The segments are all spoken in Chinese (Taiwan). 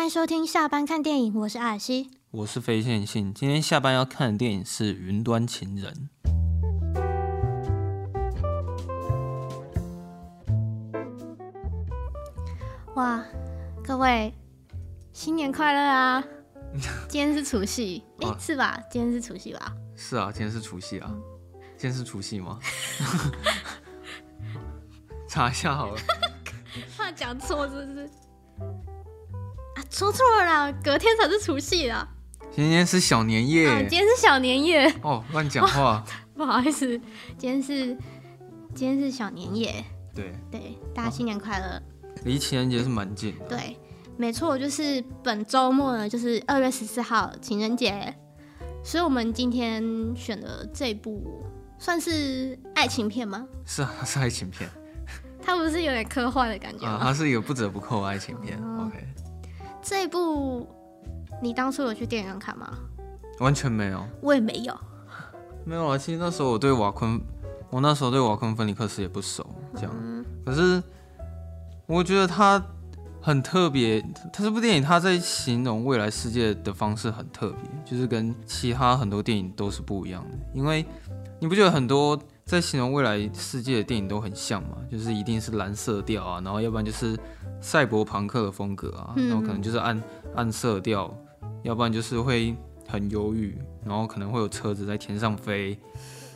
歡迎收聽下班看電影，我是阿爾西，我是非線性。今天下班要看的電影是《雲端情人》。哇，各位新年快樂啊！ 今天是除夕，哎、啊，是吧？今天是除夕吧？是啊，今天是除夕啊！今天是除夕嗎？ 查一下好了。怕 講錯是不是？說錯了，隔天才是除夕啊！今天是小年夜，哦、今天是小年夜哦，亂講話，不好意思，今天是今天是小年夜，嗯、對對，大家新年快樂、啊。離情人節是蠻近的，對，沒錯，就是本周末呢，就是二月十四號情人節，所以我們今天選的這部算是愛情片嗎、啊？是啊，是愛情片，它不是有點科幻的感覺、啊、它是有不折不扣的愛情片、啊、，OK。這部你當初有去電影院看嗎？完全沒有，我也沒有 ，沒有啊。其實那時候我對瓦昆，我那時候對瓦昆·菲尼克斯也不熟，這樣。嗯、可是我覺得他很特別，他這部電影他在形容未來世界的方式很特別，就是跟其他很多電影都是不一樣的。因為你不覺得很多？在形容未來世界的電影都很像嘛，就是一定是藍色調啊，然後要不然就是賽博朋克的風格啊，那、嗯、可能就是暗暗色調，要不然就是會很憂鬱，然後可能會有車子在天上飛，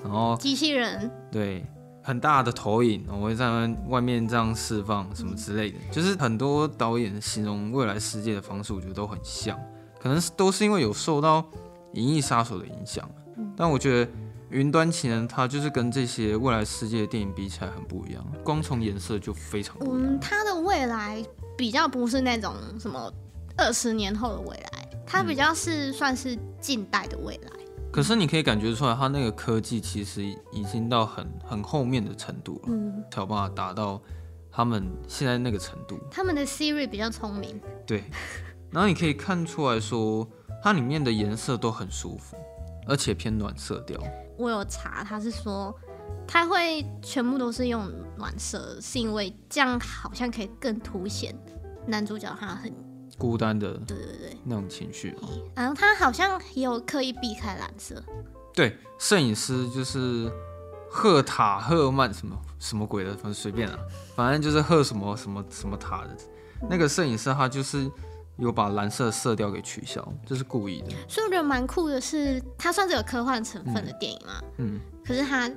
然後機器人，對，很大的投影，我會在外面這樣釋放什麼之類的，就是很多導演形容未來世界的方式，我覺得都很像，可能都是因為有受到《銀翼殺手》的影響、嗯，但我覺得。雲端情人，它就是跟這些未來世界的電影比起來很不一樣。光從顏色就非常……嗯，它的未來比較不是那種什麼二十年後的未來，它比較是算是近代的未來。嗯、可是你可以感覺出來，它那個科技其實已經到很很後面的程度了，嗯，才有辦法達到他們現在那個程度。他們的 Siri 比較聰明，對。然後你可以看出來說，它裡面的顏色都很舒服，而且偏暖色調。我有查，他是說他會全部都是用暖色，是因為這樣好像可以更凸顯男主角他很孤單的，對對對，那種情緒。然後他好像也有刻意避開藍色。對，攝影師就是赫塔赫曼什麼什麼鬼的，反正隨便啊，反正就是赫什麼什麼什麼塔的、嗯，那個攝影師他就是。有把藍色色調給取消，這是故意的。所以我覺得蠻酷的是，它算是有科幻成分的電影嘛。嗯。嗯，可是它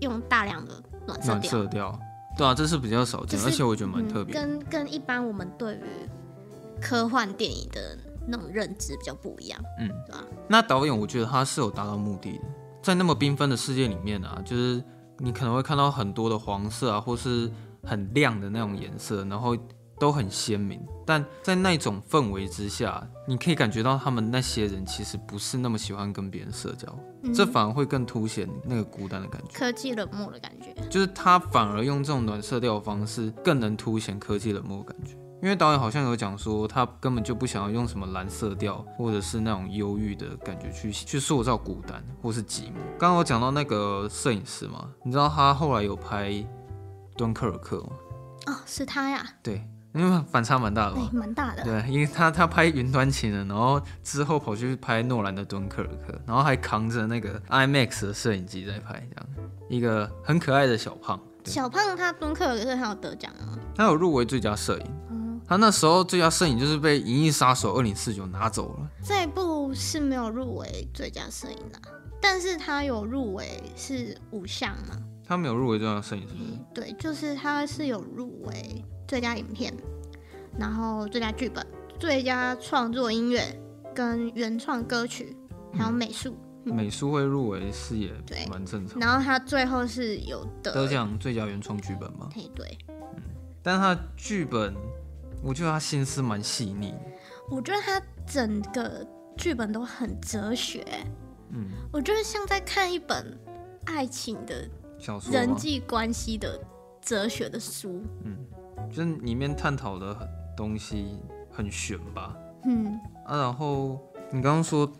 用大量的暖色調，對啊，這是比較少見，是而且我覺得蠻特別。嗯。跟跟一般我們對於科幻電影的那種認知比較不一樣。嗯，對啊。那導演我覺得他是有達到目的的，在那麼繽紛的世界裡面啊，就是你可能會看到很多的黃色啊，或是很亮的那種顏色，然後。都很鮮明，但在那種氛圍之下，你可以感覺到他們那些人其實不是那麼喜歡跟別人社交，嗯，這反而會更凸顯那個孤單的感覺，科技冷漠的感覺。就是他反而用這種暖色調的方式更能凸顯科技冷漠的感覺，因為導演好像有講說他根本就不想要用什麼藍色調或者是那種憂鬱的感覺去去塑造孤單或是寂寞。剛剛我講到那個攝影師嘛，你知道他後來有拍《敦刻爾克》嗎？哦，是他呀。對。因為反差蠻大的。欸，蠻大的。對，因為他他拍《雲端情人》，然後之後跑去拍諾蘭的《敦克爾克》，然後還扛着那個 IMAX 的攝影機在拍，這樣一個很可愛的小胖。小胖他《敦克爾克》是很有得獎啊，他有入圍最佳攝影，嗯。他那時候最佳攝影就是被《銀翼殺手二零四九》拿走了。這部是沒有入圍最佳攝影的，但是他有入圍是五項嘛？他沒有入圍最佳攝影是不是，嗯？對，就是他是有入圍最佳影片，然後最佳劇本、最佳創作音樂跟原創歌曲，還有美術，嗯嗯、美術會入圍是也對，蠻正常。然後他最後是有的得獎最佳原創劇本嗎？對對，嗯，但他劇本，我覺得他心思蠻細膩，我覺得他整個劇本都很哲學，嗯，我覺得像在看一本愛情的小說，人際關係的。哲學的書，嗯，就是裡面探討的東西很玄吧，嗯，啊，然後你剛剛說，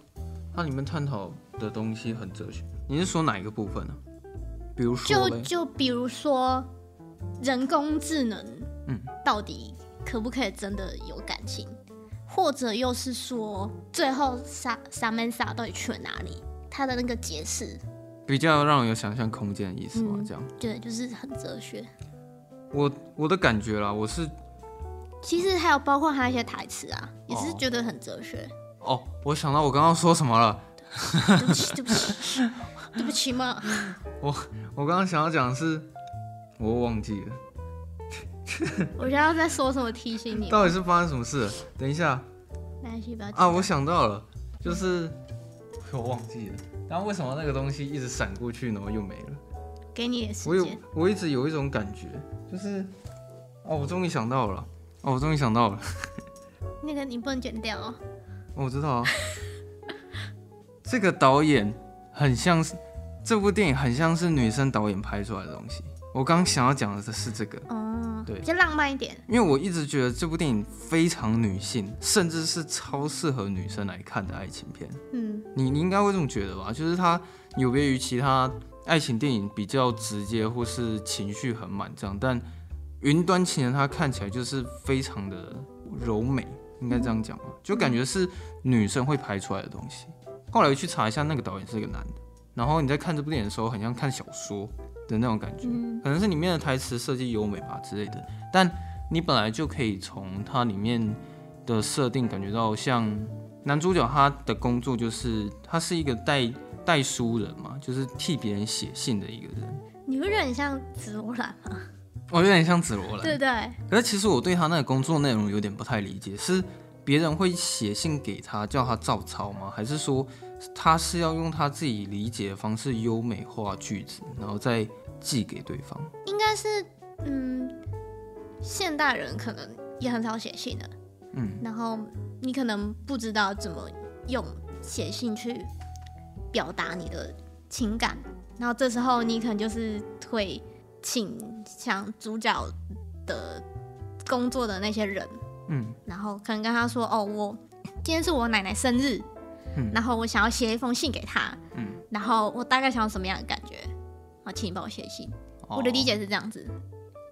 它裡面探討的東西很哲學，你是說哪一個部分呢、啊？比如說，就就比如說，人工智能，嗯，到底可不可以真的有感情？嗯、或者又是說，最後薩薩曼莎到底去了哪裡？他的那個解釋。比較讓人有想象空間的意思嘛、嗯，這樣對，就是很哲學。我我的感覺啦，我是其實還有包括他一些台詞啊、哦，也是覺得很哲學。哦，我想到我剛剛說什麼了，對不起，對不起， 對不起嘛。我我剛剛想要講的是，我忘記了。 我現在在說什麼？提醒你，到底是發生什麼事？等一下，沒關係，不要緊張，啊！我想到了，就是我忘記了。然後為什麼那個東西一直閃過去，然後又沒了？給你也是。我有，我一直有一種感覺、嗯，就是，哦，我終於想到了，哦，我終於想到了。 那個你不能剪掉哦，哦。我知道啊。 這個導演很像是，這部電影很像是女生導演拍出來的東西。我剛想要講的是這個。嗯。對，比較浪漫一點，因為我一直覺得這部電影非常女性，甚至是超適合女生來看的愛情片。嗯，你你應該會這麼覺得吧？就是它有別於其他愛情電影比較直接或是情緒很滿這樣，但《雲端情人》它看起來就是非常的柔美，應該這樣講吧？嗯。就感覺是女生會拍出來的東西。後來去查一下，那個導演是個男的。然後你在看這部電影的時候，很像看小說。的那種感覺、嗯，可能是裡面的台詞設計優美吧之類的。但你本來就可以從它裡面的設定感覺到，像男主角他的工作就是，他是一個代代書人嘛，就是替別人寫信的一個人。你會覺得很像紫羅蘭嗎？我有點像紫羅蘭。對，對對。可是其實我對他那個工作內容有點不太理解，是別人會寫信給他，叫他照抄嗎？還是說他是要用他自己理解的方式優美化句子，然後再。寄給對方應該是，嗯，現代人可能也很少寫信的，嗯，然後你可能不知道怎麼用寫信去表達你的情感，然後這時候你可能就是會請像主角的工作的那些人，嗯，然後可能跟他說，哦，我今天是我奶奶生日，嗯，然後我想要寫一封信給他，嗯，然後我大概想要什麼樣的感覺？啊，請你幫我寫信。Oh. 我的理解是這樣子，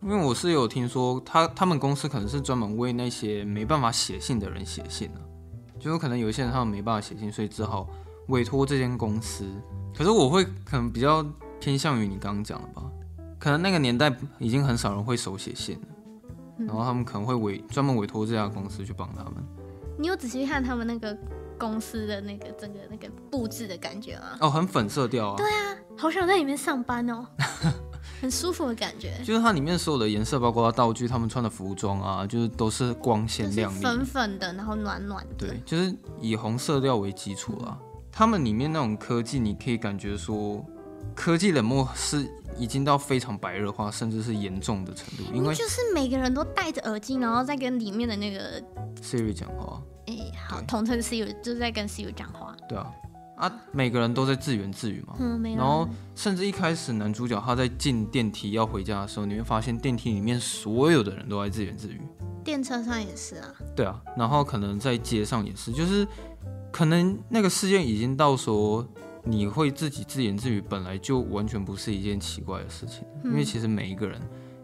因為我是有聽說，他他們公司可能是專門為那些沒辦法寫信的人寫信呢，啊，就可能有一些人他們沒辦法寫信，所以只好委托這間公司。可是我會可能比較偏向於你剛剛講的吧，可能那個年代已經很少人會手寫信了，嗯，然後他們可能會委專門委托這家公司去幫他們。你有仔細看他們那個？公司的那個整個那個布置的感覺啊，哦，很粉色調啊。對啊，好想在裡面上班哦， 很舒服的感覺。就是它裡面所有的顏色，包括道具，他們穿的服裝啊，就是都是光鮮亮麗，就是、粉粉的，然後暖暖的。對，就是以紅色調為基礎啊、嗯。他們裡面那種科技，你可以感覺說。科技冷漠是已經到非常白熱化，甚至是嚴重的程度，因為就是每個人都戴着耳機，然後在跟裡面的那個 Siri 講話。哎、欸，好，同稱 Siri 就在跟 Siri 講話。對啊，啊，每個人都在自言自語嘛。嗯，沒有。然後甚至一開始男主角他在進電梯要回家的時候，你會發現電梯裡面所有的人都在自言自語。電車上也是啊。對啊，然後可能在街上也是，就是可能那個事件已經到說。你會自己自言自語，本來就完全不是一件奇怪的事情，因為其實每一個人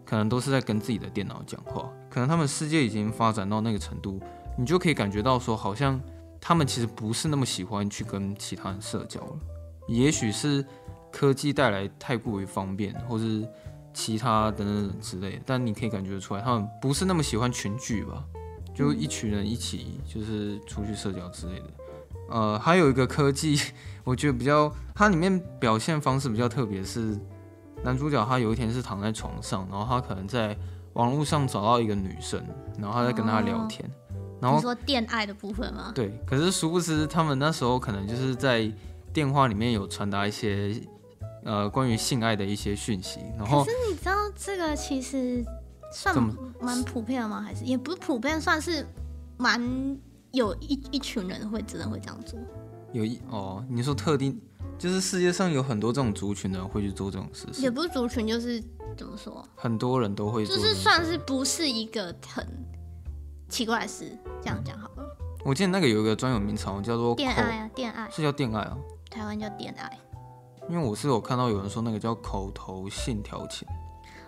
可能都是在跟自己的電腦講話。可能他們世界已經發展到那個程度，你就可以感覺到說，好像他們其實不是那麼喜歡去跟其他人社交了。也許是科技帶來太過於方便，或是其他等等之類。但你可以感覺出來，他們不是那麼喜歡群聚吧？就一群人一起就是出去社交之類的。呃，還有一個科技，我覺得比較，它裡面表現方式比較特別，是男主角他有一天是躺在床上，然後他可能在網絡上找到一個女生，然後他在跟她聊天，哦、然後說電愛的部分嗎？對，可是殊不知他們那時候可能就是在電話裡面有傳達一些，呃，關於性愛的一些訊息。然後可是你知道這個其實算蠻普遍的嗎？還是也不是普遍，算是蠻有一一群人會只能會這樣做。有一，哦，你說特定就是世界上有很多這種族群的人會去做這種事，也不是族群，就是怎麼說，很多人都會做，就是算是不是一個很奇怪的事，這樣講好了，嗯。我記得那個有一個專有名詞叫做電愛啊，電愛是叫電愛啊？台灣叫電愛，因為我是有看到有人說那個叫口頭性調情。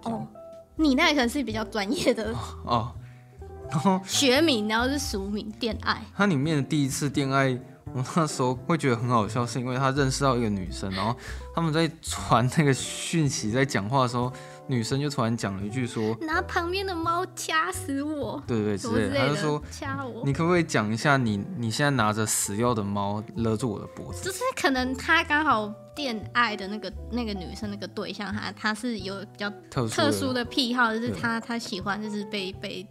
哦，你那裡可能是比較專業的哦，哦 學名，然後是俗名電愛，它裡面的第一次電愛。我那時候會覺得很好笑，是因為他認識到一個女生，然後他們在傳那個訊息，在講話的時候，女生就突然講了一句說，拿旁邊的貓掐死我，對對對，之類的，他就說掐我，你可不可以講一下你你現在拿着死掉的貓勒住我的脖子？就是可能他剛好戀愛的那個那個女生那個對象他他是有比較特殊特殊的癖好，就是他他喜歡就是被被。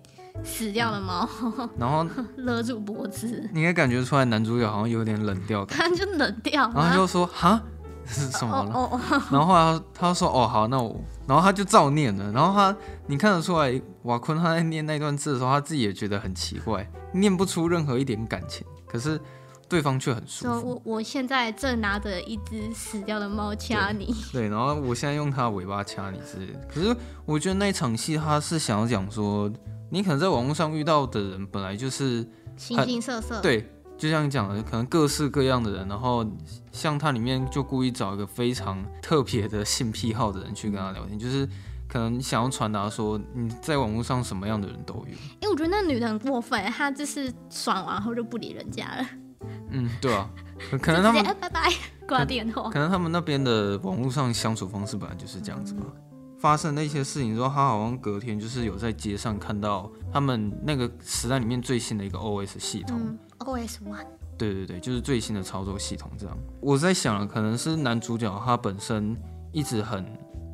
死掉了嗎？ 然後勒住脖子。你應該感覺出來，男主角好像有點冷掉感。看就冷掉，然後他就說啊，是 什麼了、哦哦？然後後來他，他說哦，好，那我，然後他就照念了。然後他，你看得出來，瓦昆他在念那段字的時候，他自己也覺得很奇怪，念不出任何一點感情。可是。對方卻很舒服。說，我我現在正拿着一只死掉的貓掐你。對，對，然後我現在用它尾巴掐你之類的。可是我覺得那一場戲他是想要講說，你可能在網絡上遇到的人本來就是形形色色。對，就像你講的，可能各式各樣的人。然後像他裡面就故意找一個非常特別的性癖好的人去跟他聊天，就是可能想要傳達說你在網絡上什麼樣的人都有。因為，欸，我覺得那女的很過分，她就是爽完後就不理人家了。嗯，對啊，可能他們拜拜掛電話。可能他們那邊的網絡上相處方式本來就是這樣子吧。嗯，發生那些事情之後，他好像隔天就是有在街上看到他們那個時代裡面最新的一個 OS 系統。嗯，OS One。對對對，就是最新的操作系統。這樣，我在想了，可能是男主角他本身一直很。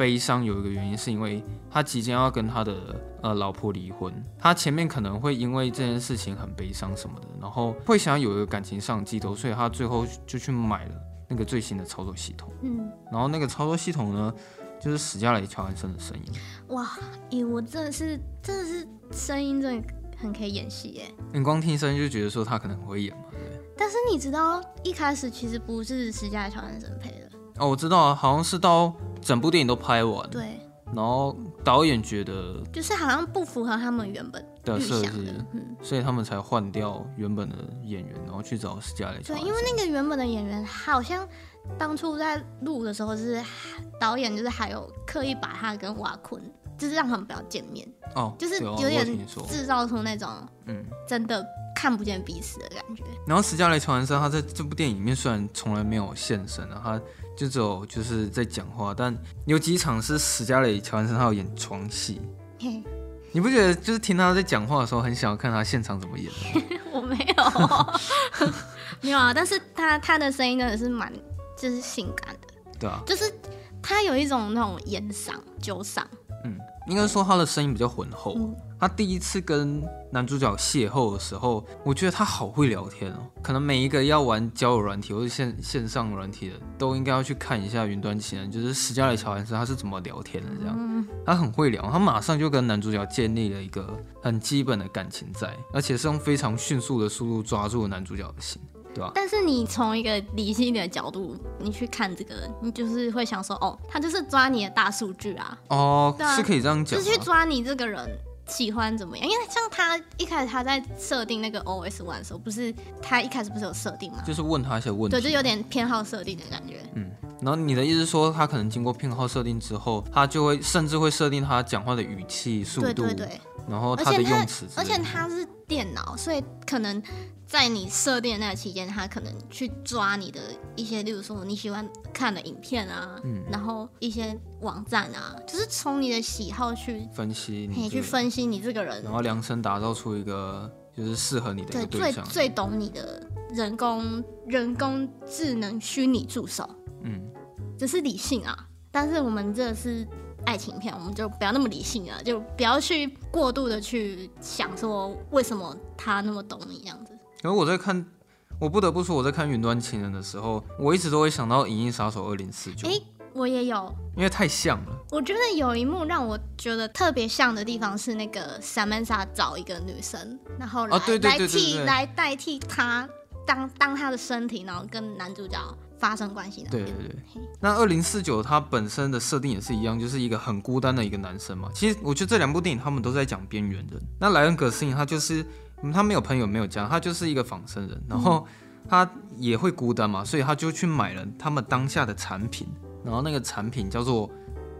悲傷有一個原因是因為他即將要跟他的呃老婆離婚，他前面可能會因為這件事情很悲傷什麼的，然後會想要有一個感情上的寄託，所以他最後就去買了那個最新的操作系統。嗯，然後那個操作系統呢，就是史嘉蕾喬安森的聲音。哇，哎，欸，我真的是真的是聲音真的很可以演戲哎！你光聽聲音就覺得說他可能很會演嘛，但是你知道一開始其實不是史嘉蕾喬安森配的哦，我知道啊，好像是到。整部電影都拍完，對，然後導演覺得就是好像不符合他們原本預想的對設計，嗯，所以他們才換掉原本的演員，然後去找釋迦來史嘉蕾。對，因為那個原本的演員好像當初在錄的時候、就是，是導演就是還有刻意把他跟瓦昆，就是讓他們不要見面，哦，就是有點有製造出那種嗯，真的。看不見彼此的感覺。然後史嘉蕾·喬韓森，他在這部電影裡面雖然從來沒有現身，啊，然後就只有就是在講話，但有幾場是史嘉蕾·喬韓森他有演床戲嘿嘿。你不覺得就是聽他在講話的時候，很想要看他現場怎麼演嗎？ 我沒有， 沒有啊。但是他他的聲音真的是蠻就是性感的。對啊。就是他有一種那種菸嗓、酒嗓。嗯，應該說他的聲音比較渾厚、嗯。他第一次跟男主角邂逅的時候，我覺得他好會聊天哦。可能每一個要玩交友軟體或者線線上軟體的，都應該要去看一下雲端情人，就是史嘉蕾喬韓森，他是怎麼聊天的這樣。他很會聊，他馬上就跟男主角建立了一個很基本的感情在，而且是用非常迅速的速度抓住了男主角的心。對啊，但是你從一個理性的角度，你去看這個人，你就是會想說，哦，他就是抓你的大數據啊。哦，啊，是可以這樣講，啊。就是去抓你這個人喜歡怎麼樣？因為像他一開始他在設定那個 O S One 的時候，不是他一開始不是有設定嗎？就是問他一些問題。對，就有點偏好設定的感覺。嗯，然後你的意思說，他可能經過偏好設定之後，他就會甚至會設定他講話的語氣、速度，對對對。然後他的用詞的而，而且他是電腦，所以可能。在你設定的那個期間，他可能去抓你的一些，例如說你喜歡看的影片啊，嗯、然後一些網站啊，就是從你的喜好去分析你，去分析你這個人，然後量身打造出一個就是適合你的對，對最最懂你的人工人工智能虛擬助手，嗯，這、就是理性啊，但是我們這是愛情片，我們就不要那麼理性啊，就不要去過度的去想說，為什麼他那麼懂你這樣子。因為我在看，我不得不說我在看《雲端情人》的時候，我一直都會想到《銀翼殺手》二零四九。哎，我也有，因為太像了。我覺得有一幕讓我覺得特別像的地方是那個 Samantha 找一個女生，然後來來替、啊、來代替她當當她的身體，然後跟男主角發生關係的。對對對。那二零四九它本身的設定也是一樣，就是一個很孤單的一個男生嘛。其實我覺得這兩部電影他們都在講邊緣人。那萊恩·葛斯林他就是。嗯，他沒有朋友，沒有家，他就是一個仿生人，然後他也會孤單嘛，所以他就去買了他們當下的產品，然後那個產品叫做。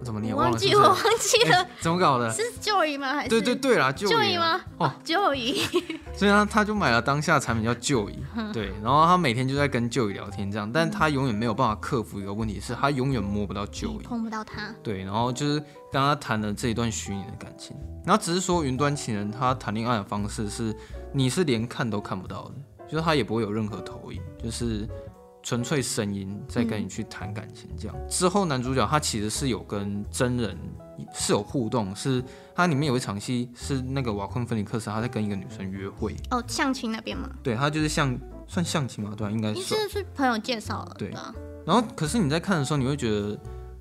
怎麼忘，是是忘記，我忘記了。欸，怎麼搞的？是 Joi 嗎？還是？對，對對對啦，Joi 嗎？哦，Joi。所以呢，他就買了當下的產品叫 Joi，對。然後他每天就在跟 Joi 聊天，這樣，但他永遠沒有辦法克服一個問題，是他永遠摸不到 Joi，碰不到他。對，然後就是跟他談了這一段虛擬的感情。然後只是說，雲端情人他談戀愛的方式是，你是連看都看不到的，就是他也不會有任何投影，就是。純粹聲音在跟你去談感情，這樣，嗯、之後男主角他其實是有跟真人是有互動，是它裡面有一場戲是那個瓦昆·芬尼克斯他在跟一個女生約會哦，相親那邊嗎？對，他就是像算相親嘛，對，啊、應該你是是朋友介紹了。對，對，啊。然後可是你在看的時候，你會覺得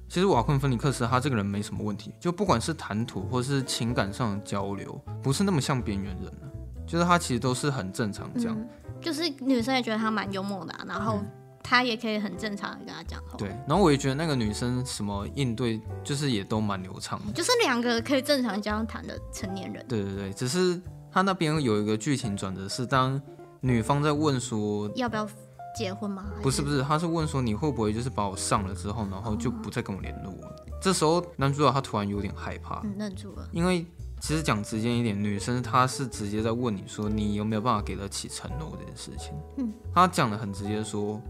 其實瓦昆·芬尼克斯他這個人沒什麼問題，就不管是談吐或是情感上的交流，不是那麼像邊緣人，就是他其實都是很正常這樣。嗯，就是女生也覺得他蠻幽默的，啊，然後、嗯。他也可以很正常的跟他講話，對。然後我也覺得那個女生什麼應對就是也都蠻流暢的，就是兩個可以正常交談的成年人。對對對，只是他那邊有一個劇情轉折是，當女方在問說要不要結婚嗎？不是不是，他是問說你會不會就是把我上了之後，然後就不再跟我聯絡了。哦、這時候男主角他突然有點害怕，嗯，愣住了，因為其實講直接一點，女生她是直接在問你說你有沒有辦法給得起承諾這件事情。嗯，他講的很直接說。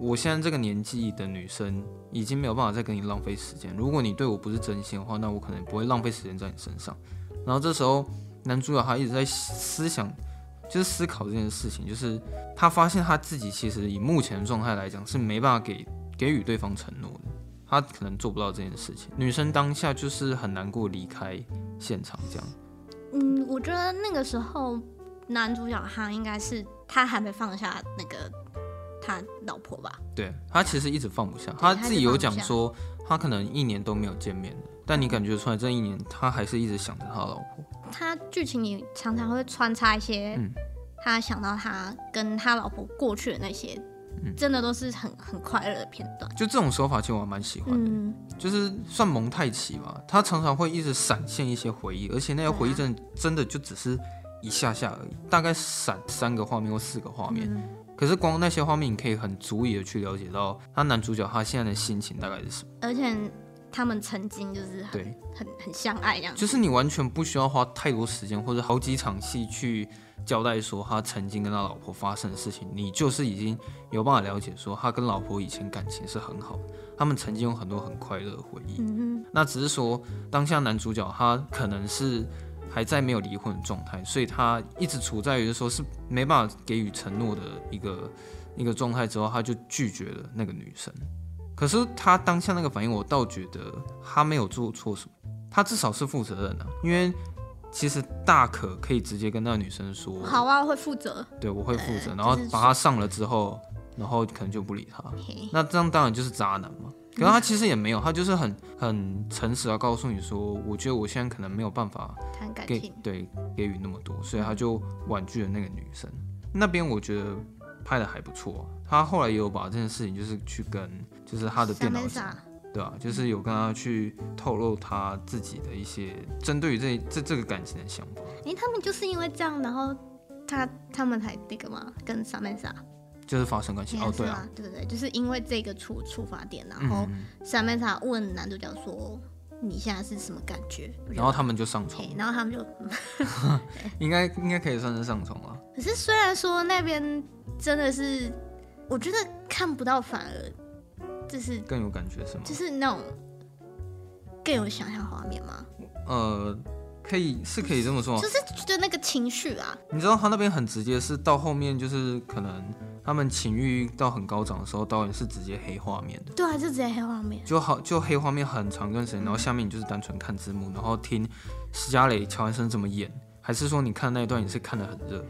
我現在這個年紀的女生已經沒有辦法再跟你浪費時間。如果你對我不是真心的話，那我可能不會浪費時間在你身上。然後這時候男主角他一直在思想，就是思考這件事情，就是他發現他自己其實以目前的狀態來講是沒辦法給給予對方承諾的，他可能做不到這件事情。女生當下就是很難過離開現場這樣。嗯，我覺得那個時候男主角他應該是他還沒放下那個。他老婆吧，對他其實一直放不下，他自己有講說他，他可能一年都沒有見面了，但你感覺出來這一年他還是一直想着他老婆。他劇情裡常常會穿插一些、嗯，他想到他跟他老婆過去的那些，嗯、真的都是很很快樂的片段，就這種手法其實我還蠻喜歡的，嗯、就是算蒙太奇吧，他常常會一直閃現一些回憶，而且那些回憶真的真的就只是一下下而已，啊、大概閃三個畫面或四個畫面。嗯可是光那些畫面，你可以很足以的去了解到他男主角他現在的心情大概是什麼。而且他們曾經就是很很很相愛一樣。就是你完全不需要花太多時間或者好幾場戲去交代說他曾經跟他老婆發生的事情，你就是已經有辦法了解說他跟老婆以前感情是很好的，他們曾經有很多很快樂的回憶。嗯。那只是說當下男主角他可能是。還在沒有離婚的狀態，所以他一直處在於是說是沒辦法給予承諾的一個一個狀態，之後，他就拒絕了那個女生。可是他當下那個反應，我倒覺得他沒有做錯什麼，他至少是負責任的啊。因為其實大可可以直接跟那個女生說，好啊，我會負責，對，我會負責，呃，然後把他上了之後，然後可能就不理他。那這樣當然就是渣男嘛。然後他其實也沒有，他就是很很誠實的告訴你說，我覺得我現在可能沒有辦法給對給予那麼多，所以他就婉拒了那個女生。嗯、那邊我覺得拍的還不錯、啊，他後來也有把這件事情就是去跟就是他的電腦莎，對啊，就是有跟他去透露他自己的一些針、嗯、對於這這這個感情的想法。哎，他們就是因為這樣，然後他他們才那個嘛，跟莎曼莎。就是發生關係，okay, 哦、啊，對啊，對不對，對？就是因為這個觸觸發點，然後 Samantha 問男主角說：“你現在是什麼感覺？”然後他們就上床，okay, 然後他們就 應該、okay. 應該可以算是上床了。可是雖然說那邊真的是，我覺得看不到，反而就是更有感覺，是嗎？就是那種更有想象畫面嗎？呃，可以是可以這麼說，就是就是、那個情緒啊。你知道他那邊很直接是，是到後面就是可能。他們情欲到很高漲的時候，導演是直接黑畫面的。對、啊，就直接黑畫面，就好，就黑畫面很長一段時間，然後下面你就是單純看字幕，嗯、然後聽史嘉蕾喬韓森怎麼演，還是說你看那一段也是看得很熱？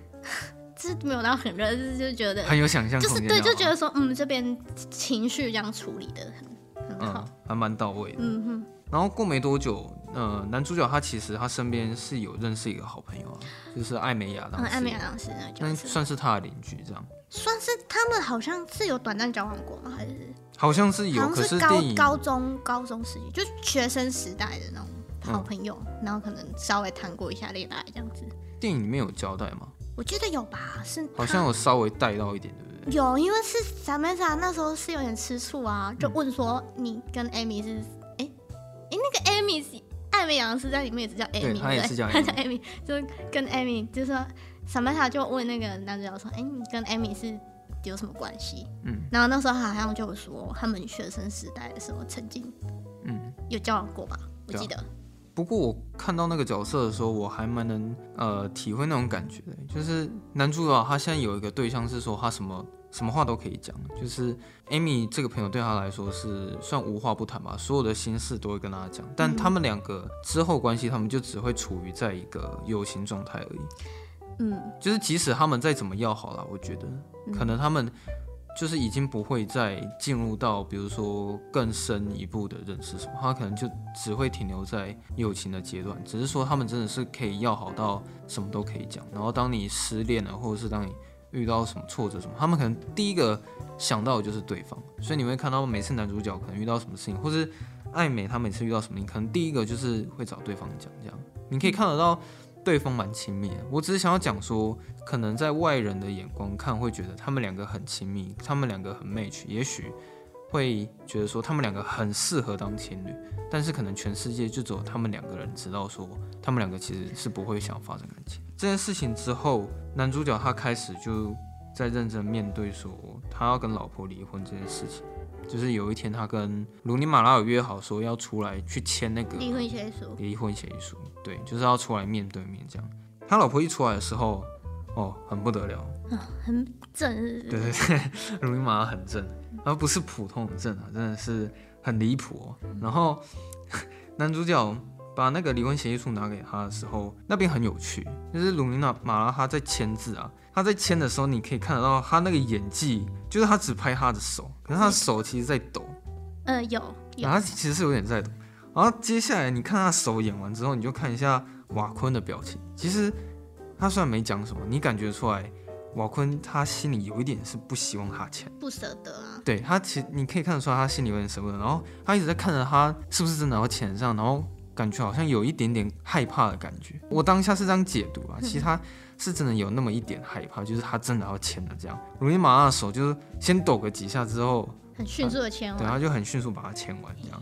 這 沒有到很熱，就是就覺得很有想象空間就是對，就覺得說，嗯，這邊情緒這樣處理得很很好，嗯、還蠻到位的。嗯哼。然後過沒多久，呃，男主角他其實他身邊是有認識一個好朋友啊，就是艾美亞當時，嗯、艾美亞當時，但算是他的鄰居這樣，算是他們好像是有短暫交往過嗎？還是好像是有，好像是高是高中高中時期就學生時代的那種好朋友，嗯、然後可能稍微談過一下戀愛這樣子。電影裡面有交代嗎？我覺得有吧，是好像有稍微帶到一點，對不對？有，因為是咱們啥、啊，那時候是有點吃醋啊，就問說你跟艾米是。誒，那個 Amy 艾米是艾米楊是在裡面也是叫艾米，他也是叫艾米， Amy, 就跟艾米就是說，莎曼珊就問那個男主角說：“誒，你跟艾米是有什麼關係？”嗯，然後那時候好像就說他們學生時代的時候曾經，嗯，有交往過吧？我記得、啊。不過我看到那個角色的時候，我還蠻能呃體會那種感覺的、欸，就是男主角他現在有一個對象是說他什麼。什麼話都可以講，就是 Amy 這個朋友對她來說是算無話不談吧，所有的心事都會跟他講。但他們兩個之後關係，他們就只會處於在一個友情狀態而已。嗯，就是即使他們再怎麼要好了，我覺得可能他們就是已經不會再進入到比如說更深一步的認識什麼，他可能就只會停留在友情的階段。只是說他們真的是可以要好到什麼都可以講，然後當你失戀了，或者是當你遇到什麼挫折什麼，他們可能第一個想到的就是對方，所以你會看到每次男主角可能遇到什麼事情，或是艾美他每次遇到什麼，你可能第一個就是會找對方講講，這樣你可以看得到對方蠻親密的。我只是想要講說，可能在外人的眼光看會覺得他們兩個很親密，他們兩個很 match，也許會覺得說他們兩個很適合當情侶，但是可能全世界就只有他們兩個人知道說他們兩個其實是不會想要發展感情。這件事情之後，男主角他開始就在認真面對說他要跟老婆離婚這件事情。就是有一天，他跟魯尼馬拉有約好說要出來去簽那個離婚協議書。離婚協議書，對，就是要出來面對面這樣。他老婆一出來的時候，哦，很不得了，啊，很正，對對對，魯尼馬拉很正，而不是普通很正啊，真的是很離譜。然後男主角。把那個離婚協議書拿給他的時候，那邊很有趣，就是魯尼娜馬拉哈在簽字啊。他在簽的時候，你可以看得到他那個演技，就是他只拍他的手，可是他的手其實在抖。有在抖呃，有，有然後他其實是有點在抖。然後接下來你看他手演完之後，你就看一下瓦昆的表情。其實他雖然沒講什麼，你感覺出來瓦昆他心裡有一點是不希望他簽，不捨得啊。對，他其實你可以看得出來他心裡有點捨不得。然後他一直在看着他是不是真的要簽上，然後。感覺好像有一點點害怕的感覺，我當下是這樣解讀啊，其實他是真的有那麼一點害怕，就是他真的要簽了這樣，然後馬上手就是先抖個幾下之後，很迅速的簽完，對，然後就很迅速把它簽完這樣，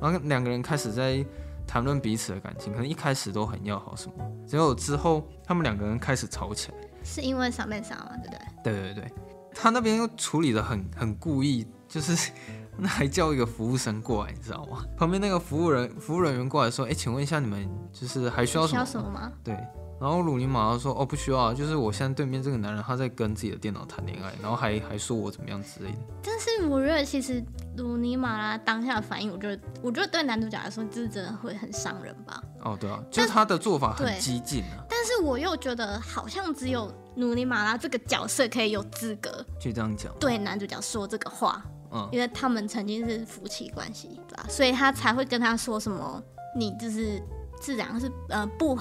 然後兩個人開始在談論彼此的感情，可能一開始都很要好什麼，只有之後他們兩個人開始吵起來，是因為上面啥嗎？對不對？對對對，對，他那邊又處理得很很故意，就是。那還叫一個服務生過來，你知道嗎？旁邊那個服務人服務人員過來說：“哎、欸，請問一下，你們就是還需要什麼，不需要什麼嗎？嗯？”對。然後魯尼馬拉說：“哦，不需要啊，就是我現在對面這個男人他在跟自己的電腦談戀愛，然後還還說我怎麼樣之類的。”但是我覺得，其實魯尼馬拉當下的反應，我覺得，我覺得對男主角來說，就是真的會很傷人吧？哦，對啊，就是他的做法很激進啊，但。但是我又覺得，好像只有魯尼馬拉這個角色可以有資格就這樣講，對男主角說這個話。嗯，因為他們曾經是夫妻關係，對吧？所以他才會跟他說什麼，你就是自然是呃不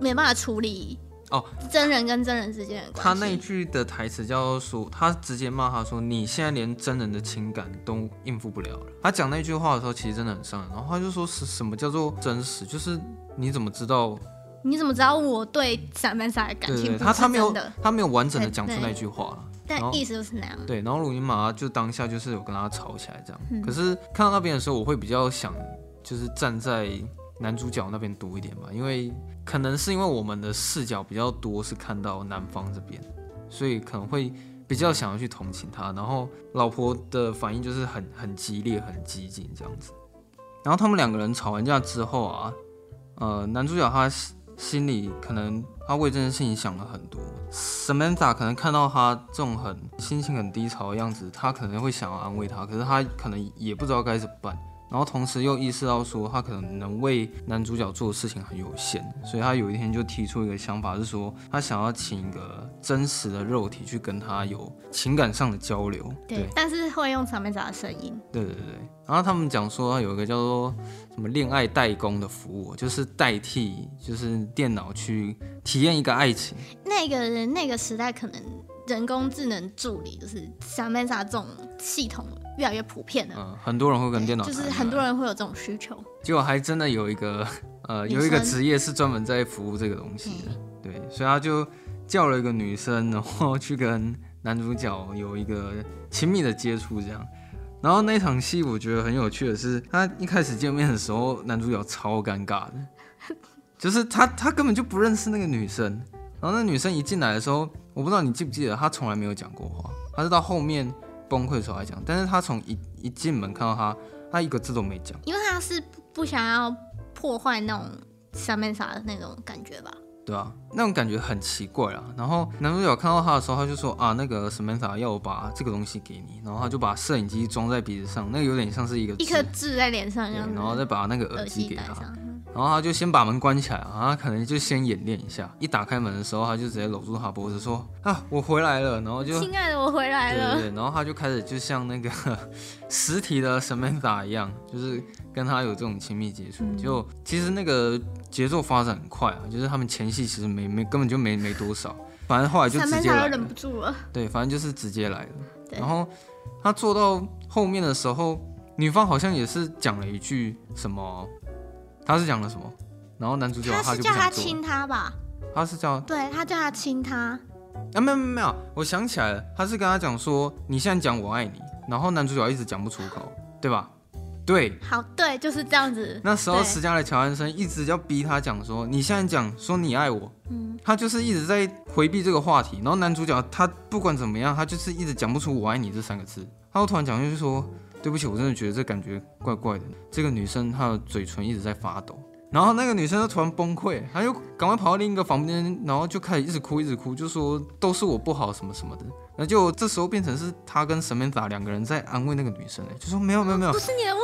沒辦法處理哦，真人跟真人之間的關係，他那一句的台詞叫做說，他直接罵他說，你現在連真人的情感都應付不了了。他講那句話的時候，其實真的很傷人。然後他就說是什麼叫做真實，就是你怎麼知道？你怎麼知道我對薩曼莎的感情？對對對，他真的他沒有，他沒有完整的講出那句話。欸但意思就是那樣，啊。對，然後魯尼瑪就當下就是有跟他吵起來這樣。嗯、可是看到那邊的時候，我會比較想就是站在男主角那邊多一點吧，因為可能是因為我們的視角比較多是看到男方這邊，所以可能會比較想要去同情他。然後老婆的反應就是很很激烈，很激進這樣子。然後他們兩個人吵完架之後啊，呃，男主角他心裡可能，他為這件事情想了很多，Samantha 可能看到他這種很心情很低潮的樣子，他可能會想要安慰他，可是他可能也不知道該怎麼辦。然後同時又意識到說，他可能能為男主角做的事情很有限，所以他有一天就提出一個想法，是說他想要請一個真實的肉體去跟他有情感上的交流。對，對。但是會用上面找的聲音。對對對。然後他們講說有一個叫做什麼戀愛代工的服務，就是代替就是電腦去體驗一個愛情。那個人，那個時代可能。人工智能助理就是像莎曼珊這種系統越來越普遍了，嗯，很多人會跟電腦、欸，就是很多人會有這種需求。結果還真的有一個呃，有一個職業是專門在服務這個東西的，欸，對，所以他就叫了一個女生，然後去跟男主角有一個親密的接觸，這樣。然後那場戲我覺得很有趣的是，他一開始見面的時候，男主角超尷尬的， 就是他他根本就不認識那個女生。然後那女生一進來的時候，我不知道你記不記得，她從來沒有講過話，她是到後面崩潰的時候才講。但是她從一一進門看到她，她一個字都沒講，因為她是不想要破壞那種 Samantha 的那種感覺吧？對啊，那種感覺很奇怪啦。然後男主角看到她的時候，他就說啊，那個 Samantha 要我把這個東西給你，然後他就把攝影機裝在鼻子上，那個有點像是一個一顆痣在臉上一樣，然後再把那個耳機給她。然後他就先把門關起來啊，然後他可能就先演練一下。一打開門的時候，他就直接摟住他脖子說：“啊，我回來了。”然後就親愛的，我回來了。對、對、對。然後他就開始就像那個實體的沈曼 a 一樣，就是跟他有這種親密接觸。就、嗯、其實那個節奏發展很快啊，就是他們前戲其實沒沒根本就沒沒多少，反正後來就直接。達忍不住了。對，反正就是直接來了對。然後他坐到後面的時候，女方好像也是講了一句什麼。他是講了什麼？然後男主角他是叫他親他吧？他是叫，他是叫他他他是叫對他叫他親他。啊，沒有沒有，我想起來了，他是跟他講說你現在講我愛你，然後男主角一直講不出口，對吧？對，好對，就是這樣子。那時候，史嘉蕾喬韓森一直要逼他講說你現在講說你愛我，嗯，他就是一直在回避這個話題，然後男主角他不管怎麼樣，他就是一直講不出我愛你這三個字，他就突然講就是說。對不起，我真的覺得這感覺怪怪的。這個女生她的嘴唇一直在發抖，然後那個女生就突然崩潰，她就趕快跑到另一個房間，然後就開始一直哭，一直哭，就說都是我不好什麼什麼的。那就這時候變成是他跟 Samantha 兩個人在安慰那個女生呢，就說沒有沒有沒有，不是你的問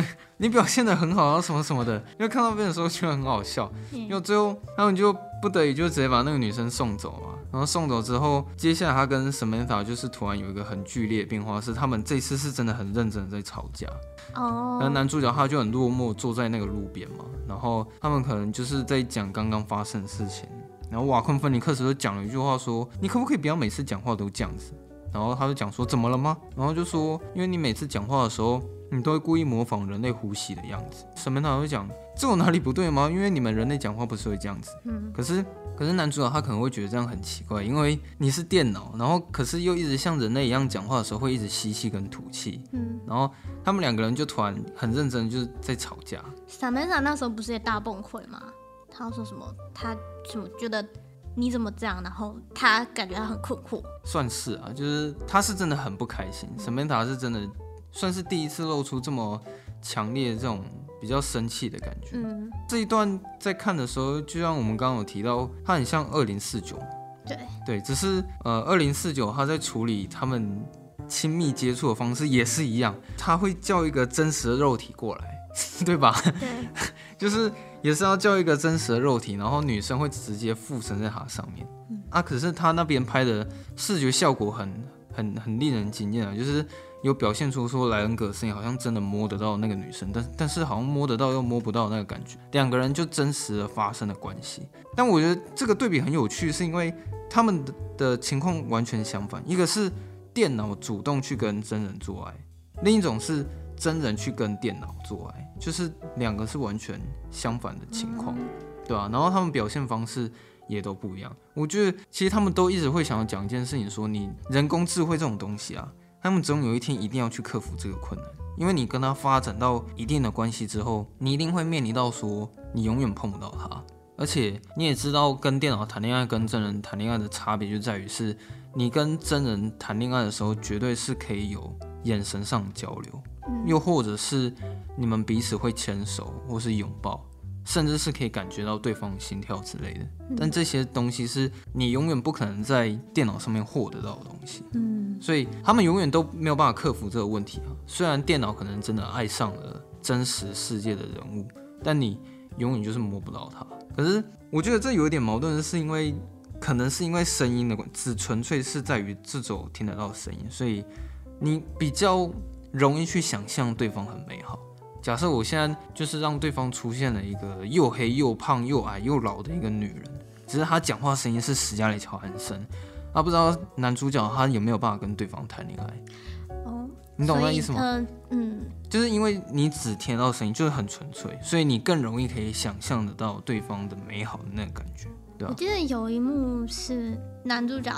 題， 你表現得很好啊什麼什麼的，因為看到那的時候就很好笑，因、嗯、為最後他們就不得已就直接把那個女生送走嘛，然後送走之後，接下來他跟 Samantha 就是突然有一個很劇烈的變化，是他們這次是真的很認真在吵架，然後、哦、男主角他就很落寞坐在那個路邊嘛，然後他們可能就是在講剛剛發生的事情。然後瓦昆芬尼克斯就講了一句話說：“你可不可以不要每次講話都這樣子？”然後他就講說：“怎麼了嗎？”然後就說：“因為你每次講話的時候，你都會故意模仿人類呼吸的樣子。”莎曼珊會講：“這有哪裡不對嗎？因為你們人類講話不是會這樣子？”嗯。可是可是男主角他可能會覺得這樣很奇怪，因為你是電腦，然後可是又一直像人類一樣講話的時候會一直吸氣跟吐氣。嗯。然後他們兩個人就突然很認真就是在吵架。莎曼珊那時候不是也大崩潰嗎？他要說什麼？他什麼覺得你怎麼這樣？然後他感覺他很痛苦，算是啊，就是他是真的很不開心。Samantha 是真的算是第一次露出這麼強烈的這種比較生氣的感覺。嗯，這一段在看的時候，就像我們剛剛有提到，他很像二零四九。對對，只是呃，二零四九他在處理他們親密接觸的方式也是一樣，他會叫一個真實的肉體過來， 對吧？對， 就是。也是要叫一個真實的肉體，然後女生會直接附身在他上面啊。可是他那邊拍的視覺效果很、很、很令人驚艷啊，就是有表現出說萊恩葛斯林好像真的摸得到那個女生，但但是好像摸得到又摸不到那個感覺，兩個人就真實的發生了關係。但我覺得這個對比很有趣，是因為他們的情況完全相反，一個是電腦主動去跟真人做愛，另一種是真人去跟電腦做愛。就是兩個是完全相反的情況，對啊。然後他們表現方式也都不一樣。我覺得其實他們都一直會想要講一件事情，說你人工智慧這種東西啊，他們總有一天一定要去克服這個困難，因為你跟他發展到一定的關係之後，你一定會面臨到說你永遠碰不到他。而且你也知道，跟電腦談戀愛跟真人談戀愛的差別就在於是，你跟真人談戀愛的時候絕對是可以有眼神上的交流。又或者是你們彼此會牽手，或是擁抱，甚至是可以感覺到對方心跳之類的。但這些東西是你永遠不可能在電腦上面獲得到的東西。嗯，所以他們永遠都沒有辦法克服這個問題啊。雖然電腦可能真的愛上了真實世界的人物，但你永遠就是摸不到他。可是我覺得這有點矛盾，是因為可能是因為聲音的關，只純粹是在於這種聽得到聲音，所以你比較。容易去想象對方很美好。假設我現在就是讓對方出現了一個又黑又胖又矮又老的一個女人，只是她講話聲音是史嘉蕾·喬韓森，啊，不知道男主角他有沒有辦法跟對方談戀愛？哦，你懂我的意思嗎？呃、嗯，就是因為你只聽到聲音，就是很純粹，所以你更容易可以想象得到對方的美好的那個感覺。對啊，我記得有一幕是男主角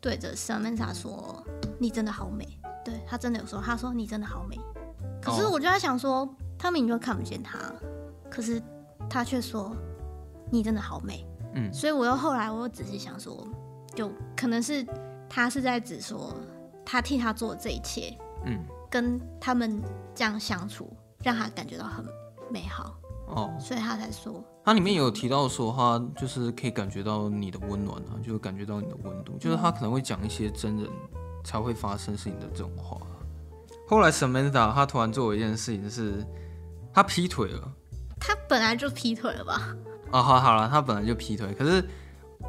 對着 Samantha 說：“你真的好美。”對他真的有說，他說你真的好美，可是我就在想說，oh. 他明明就看不見他，可是他卻說你真的好美，嗯，所以我又後來我又仔細想說，就可能是他是在指說他替他做這一切，嗯，跟他們這樣相處，讓他感覺到很美好，哦、oh.，所以他才說，他裡面有提到說他就是可以感覺到你的溫暖啊，就是感覺到你的溫度，就是他可能會講一些真人。才會發生是你的這種話。後來 Samantha 她突然做了一件事情，就是，是她劈腿了。她本來就劈腿了吧？啊、哦，好，好了，她本來就劈腿。可是，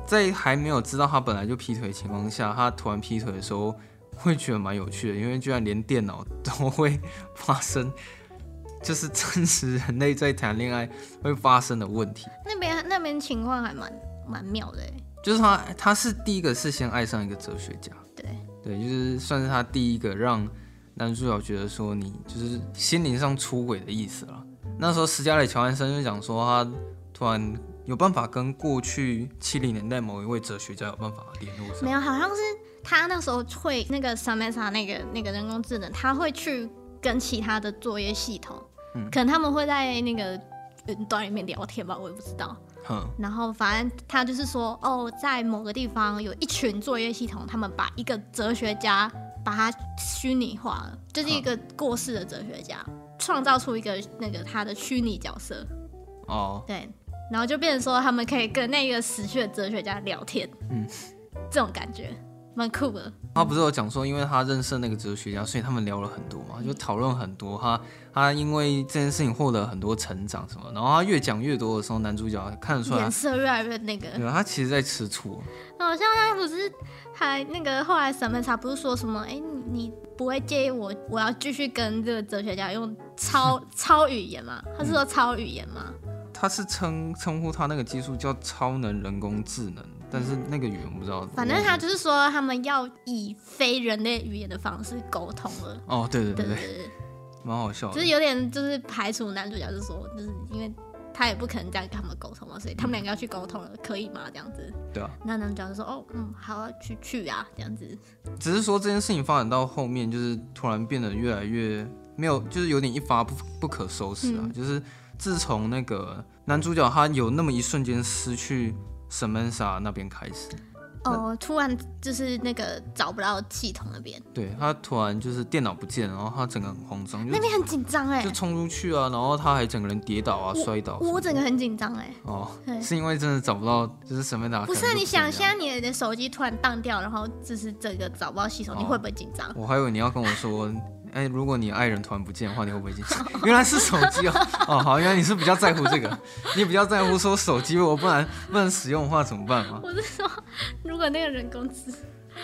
在還沒有知道她本來就劈腿的情況下，她突然劈腿的時候，會覺得蠻有趣的，因為居然連電腦都會發生，就是真實人類在談戀愛會發生的問題。那邊那邊情況還蠻蠻妙的，就是他他是第一個是先愛上一個哲學家。對，就是算是他第一個讓男主角覺得說你就是心靈上出軌的意思了。那時候，斯嘉麗喬安森就講說，他突然有辦法跟過去七零年代某一位哲學家有辦法聯絡。沒有，好像是他那時候會那個 Samantha 那個那個人工智能，他會去跟其他的作業系統，可能他們會在那個雲端裡面聊天吧，我也不知道。然後反正他就是說，哦，在某個地方有一群作業系統，他們把一個哲學家把他虛擬化了，就是一個過世的哲學家，創造出一個那個他的虛擬角色。哦，對，然後就變成說他們可以跟那個死去的哲學家聊天，嗯，這種感覺蠻酷的。他不是有講說，因為他認識那個哲學家，所以他們聊了很多嘛，就討論很多哈。他他因為這件事情獲得很多成長什麼，然後他越講越多的時候，男主角看得出來臉色越來越那個。他其實在吃醋。好、哦、像他不是還那個後來審判長不是說什麼？哎、欸，你你不會介意我我要繼續跟這個哲學家用超 超語言嗎？他是說超語言嗎？嗯、他是稱稱呼他那個技術叫超能人工智能，但是那個語言不知道、嗯我。反正他就是說他們要以非人類語言的方式溝通了。哦，對對對對對。蠻好笑，就是有點就是排除男主角，就是說，就是因為他也不可能這樣跟他們溝通嘛，所以他們兩個要去溝通了，可以嗎？這樣子。對啊。那男主角就說：“哦，嗯，好啊，去去啊，這樣子。”只是說這件事情發展到後面，就是突然變得越來越沒有，就是有點一發不不可收拾啊。嗯、就是自從那個男主角他有那麼一瞬間失去 Samantha 那邊開始。哦，突然就是那個找不到系統那邊，對，他突然就是電腦不見，然後他整個很慌張，那邊很緊張哎，就衝出去啊，然後他還整個人跌倒啊，摔倒，我整個很緊張哎，哦對，是因為真的找不到就是什麼打開，不是、啊、不你想象你的手機突然當掉，然後就是整個找不到系統、哦，你會不會緊張？我還以為你要跟我說。 哎、欸，如果你愛人突然不見的話，你會不會進去？ 原來是手機哦、喔！哦，好，原來你是比較在乎這個，你比較在乎說手機，我不能不能使用的話怎麼辦嘛？我是說，如果那個人工智，